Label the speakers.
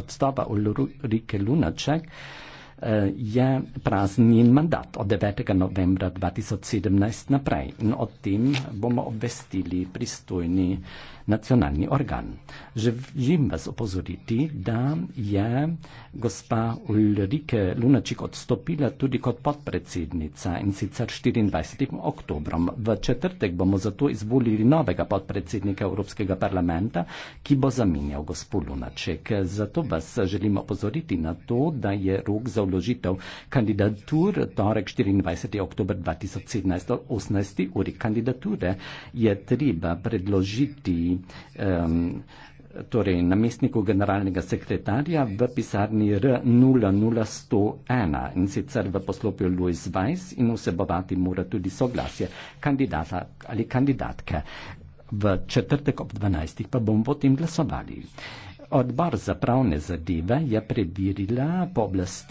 Speaker 1: odstava Ulrike Lunaček, Eh, je praznjen mandat od 9. novembra 2017 naprej in o tem bomo obvestili pristojni nacionalni organ. Želim vas opozoriti, da je gospa Ulrike Lunačik odstopila tudi kot podpredsednica in sicer 24. oktobrom. V četrtek bomo zato izvolili novega podpredsednika Evropskega parlamenta, ki bo zamenjal gospo Lunačik. Zato vas želim opozoriti na to, da je rok za vljetnost vložitev kandidatur torek 24. oktober 2017 o 18. uri. Kandidature je treba predložiti um, torej namestniku generalnega sekretarja v pisarni R00101 in sicer v poslopju Louis Weiss in vsebovati mora tudi soglasje kandidata ali kandidatke. V četrtek ob 12. pa bomo potem glasovali. Odbor za pravne zadeve je preverila po oblasti.